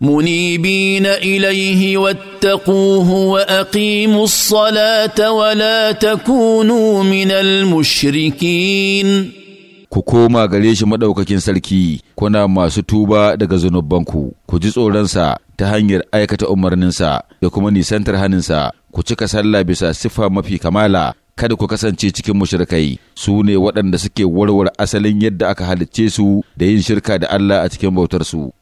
منيبين اليه واتقوه واقيموا الصلاه ولا تكونوا من المشركين ku koma gare shi maɗaukakin sarki kuna masu tuba daga zunubanku ku ji tsoronsa ta hanyar aikata umarninsa da kuma nisantar haninsa ku cika sallah bisa siffa mafi kamala kada ku kasance cikin mushrikai su ne waɗanda suke warware asalin yadda aka halicce su da yin shirka da Allah a cikin bautarsu